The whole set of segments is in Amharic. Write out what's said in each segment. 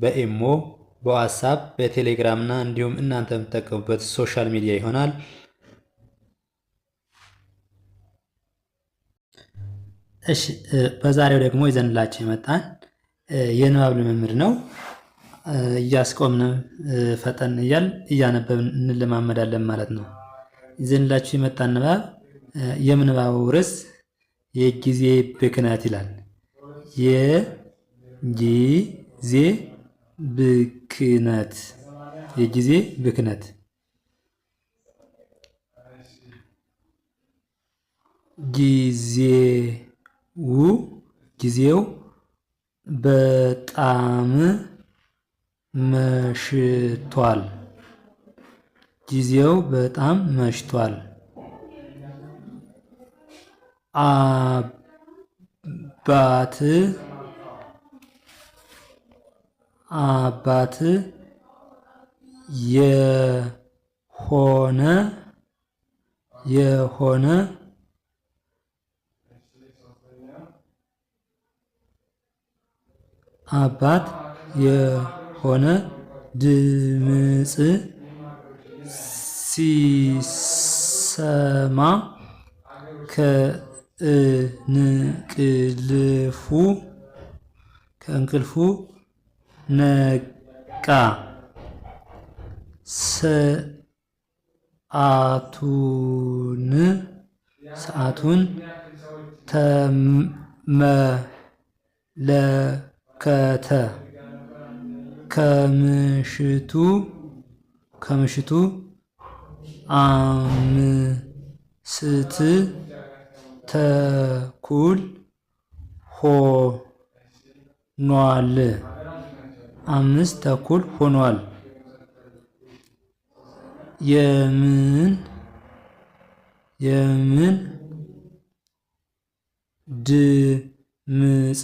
በኤሞ በዋትሳፕ በቴሌግራም እና እንዲሁም እናንተ የምትጠቀሙበት ሶሻል ሚዲያ ይሆናል። እሺ በዛሬው ደግሞ ይዘንላችሁ የመጣን የንባብ ልምምድ ነው። እያስቆምን ፈጠን እያል እያነበብን እንለማመዳለን ማለት ነው። ይዘንላችሁ የመጣን ንባብ የምንባቡ ርዕስ የጊዜ ብክነት ይላል። የጊዜ ብክነት የጊዜ ብክነት ጊዜው ጊዜው በጣም መሽቷል። ጊዜው በጣም መሽቷል። አባት አባት የሆነ የሆነ አባት የሆነ ድምፅ ሲሰማ ከእንቅልፉ ከእንቅልፉ ነቃ ሰዓቱን ሰዓቱን ተመለከተ ከምሽቱ ከምሽቱ አምስት ተኩል ሆኗል። አምስት ተኩል ሆኗል። የምን የምን ድምፅ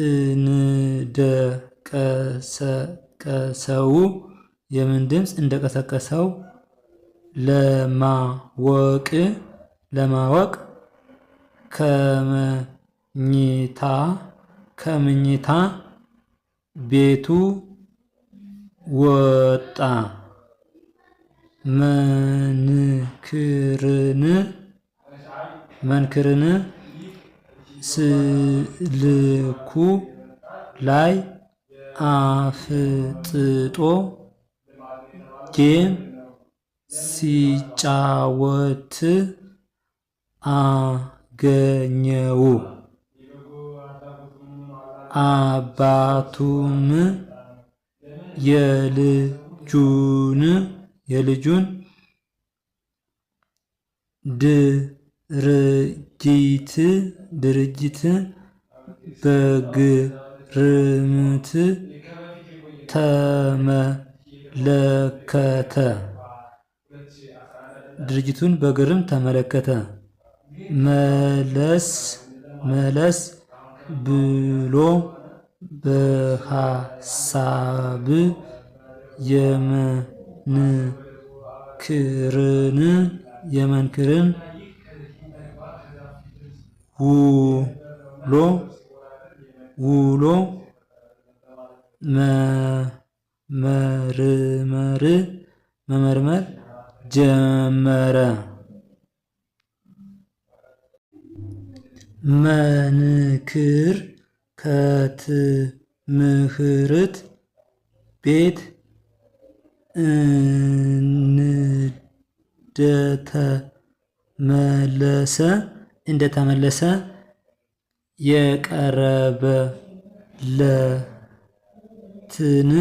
እንደቀሰቀሰው የምን ድምፅ እንደቀሰቀሰው ለማወቅ ለማወቅ ከመኝታ ከመኝታ ቤቱ ወጣ። መንክርን መንክርን ስልኩ ላይ አፍጥጦ ጌም ሲጫወት አገኘው። አባቱም የልጁን የልጁን ድርጅት ድርጅት በግርምት ተመለከተ። ድርጅቱን በግርም ተመለከተ። መለስ መለስ ብሎ በሐሳብ የመንክርን የመንክርን ውሎ ውሎ መመርመር መመርመር ጀመረ። መንክር ከትምህርት ቤት እንደተመለሰ እንደተመለሰ የቀረበለትን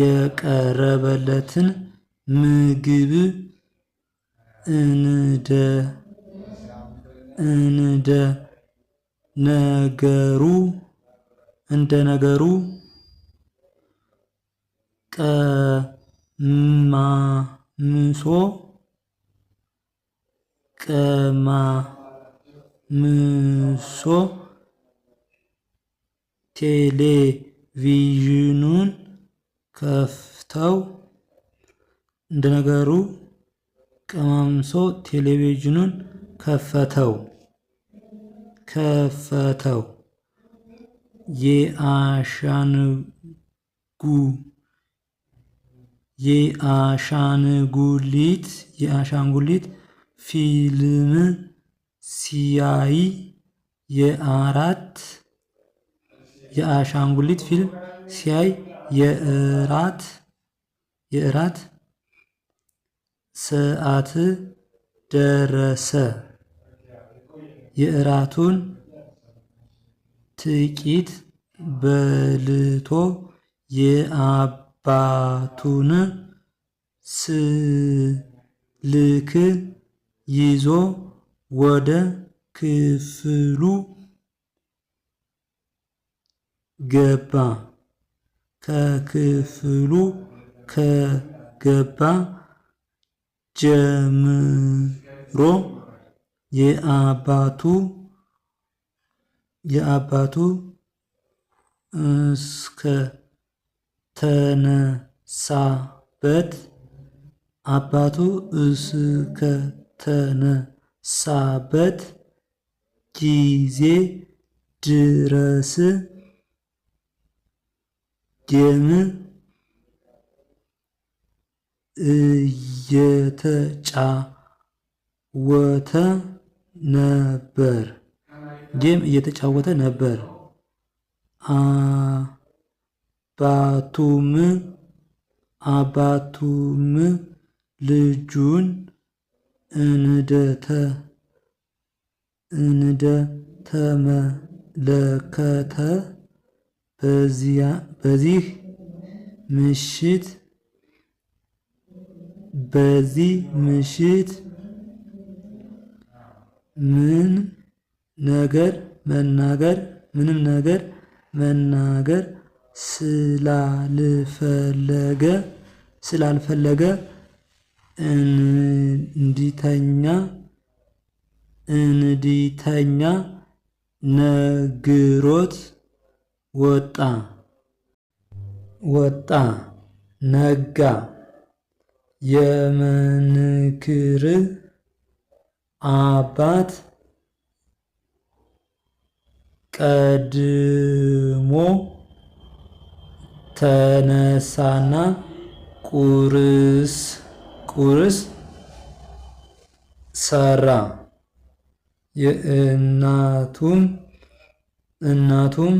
የቀረበለትን ምግብ እንደ እንደ ነገሩ እንደ ነገሩ ቀማምሶ ቀማምሶ ቴሌቪዥኑን ከፍተው እንደነገሩ ቀማምሶ ቴሌቪዥኑን ከፈተው ከፈተው የአሻንጉ የአሻንጉሊት የአሻንጉሊት ፊልም ሲያይ የአራት የአሻንጉሊት ፊልም ሲያይ የእራት የእራት ሰዓት ደረሰ። የእራቱን ጥቂት በልቶ የአባቱን ስልክ ይዞ ወደ ክፍሉ ገባ። ከክፍሉ ከገባ ጀምሮ የአባቱ የአባቱ እስከ ተነሳበት አባቱ እስከ ተነሳበት ጊዜ ድረስ ደም እየተጫወተ ነበር። ጌም እየተጫወተ ነበር። አባቱም አባቱም ልጁን እንደተ እንደተመለከተ በዚህ ምሽት በዚህ ምሽት ምን ነገር መናገር ምንም ነገር መናገር ስላልፈለገ ስላልፈለገ እንዲተኛ እንዲተኛ ነግሮት ወጣ ወጣ ነጋ የመንክር አባት ቀድሞ ተነሳና ቁርስ ቁርስ ሰራ። የእናቱም እናቱም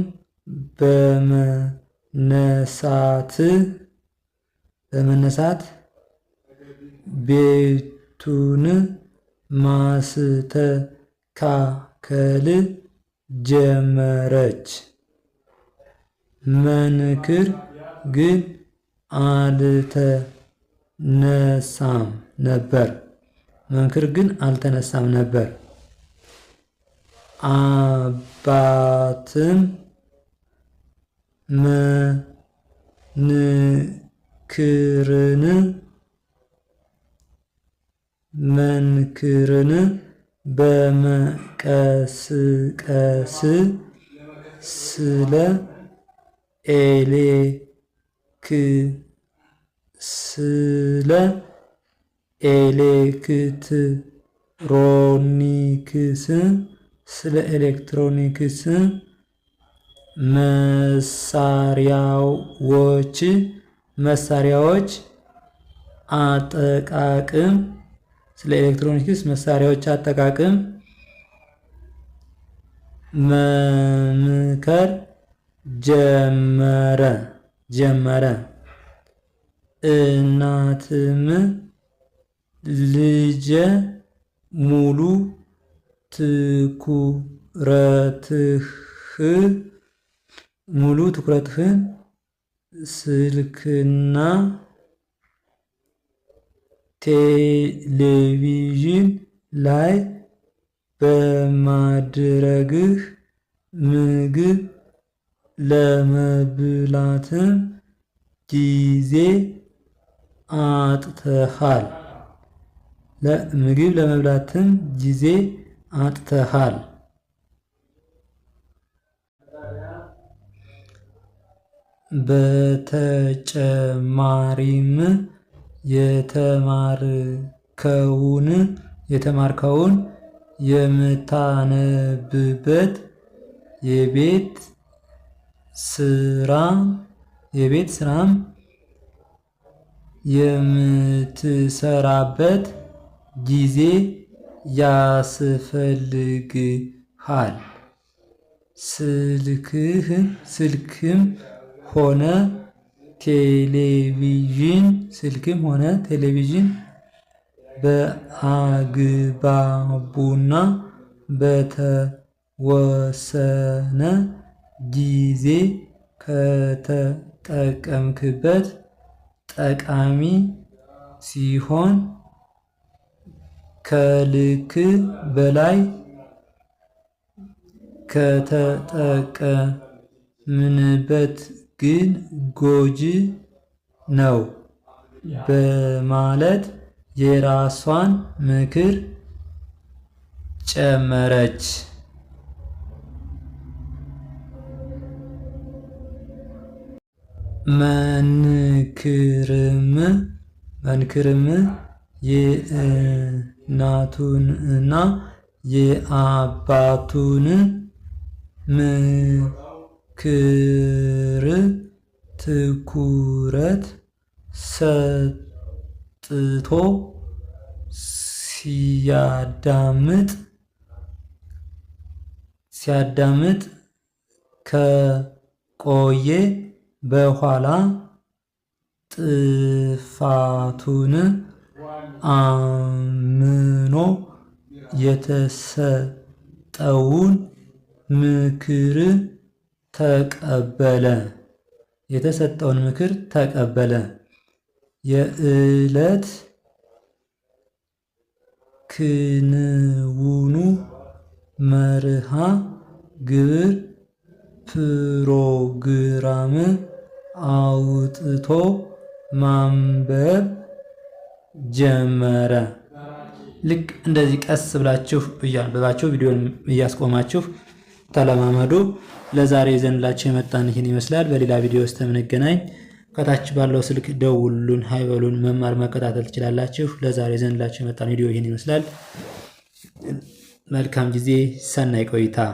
በመነሳት በመነሳት ቤቱን ማስተካከል ጀመረች። መንክር ግን አልተነሳም ነበር። መንክር ግን አልተነሳም ነበር። አባትም መንክርን መንክርን በመቀስቀስ ስለ ኤሌክ ስለ ኤሌክትሮኒክስ ስለ ኤሌክትሮኒክስ መሳሪያዎች መሳሪያዎች አጠቃቅም ስለ ኤሌክትሮኒክስ መሳሪያዎች አጠቃቀም መምከር ጀመረ ጀመረ። እናትም ልጄ ሙሉ ትኩረትህ ሙሉ ትኩረትህን ስልክና ቴሌቪዥን ላይ በማድረግህ ምግብ ለመብላትም ጊዜ አጥተሃል። ምግብ ለመብላትም ጊዜ አጥተሃል። በተጨማሪም የተማርከውን የተማርከውን የምታነብበት የቤት ስራ የቤት ስራም የምትሰራበት ጊዜ ያስፈልግሃል። ስልክህ ስልክም ሆነ ቴሌቪዥን ስልክም ሆነ ቴሌቪዥን በአግባቡና በተወሰነ ጊዜ ከተጠቀምክበት ጠቃሚ ሲሆን ከልክ በላይ ከተጠቀምንበት ግን ጎጂ ነው በማለት የራሷን ምክር ጨመረች። መንክርም መንክርም የእናቱንና የአባቱን ክር ትኩረት ሰጥቶ ሲያዳምጥ ሲያዳምጥ ከቆየ በኋላ ጥፋቱን አምኖ የተሰጠውን ምክር ተቀበለ። የተሰጠውን ምክር ተቀበለ። የዕለት ክንውኑ መርሃ ግብር ፕሮግራም አውጥቶ ማንበብ ጀመረ። ልክ እንደዚህ ቀስ ብላችሁ እያነበባችሁ ቪዲዮን እያስቆማችሁ ተለማመዱ። ለዛሬ ዘንላቸው የመጣን ይህን ይመስላል። በሌላ ቪዲዮ ውስጥ የምንገናኝ ከታች ባለው ስልክ ደውሉን፣ ሀይበሉን መማር መከታተል ትችላላችሁ። ለዛሬ ዘንላቸው የመጣን ቪዲዮ ይህን ይመስላል። መልካም ጊዜ፣ ሰናይ ቆይታ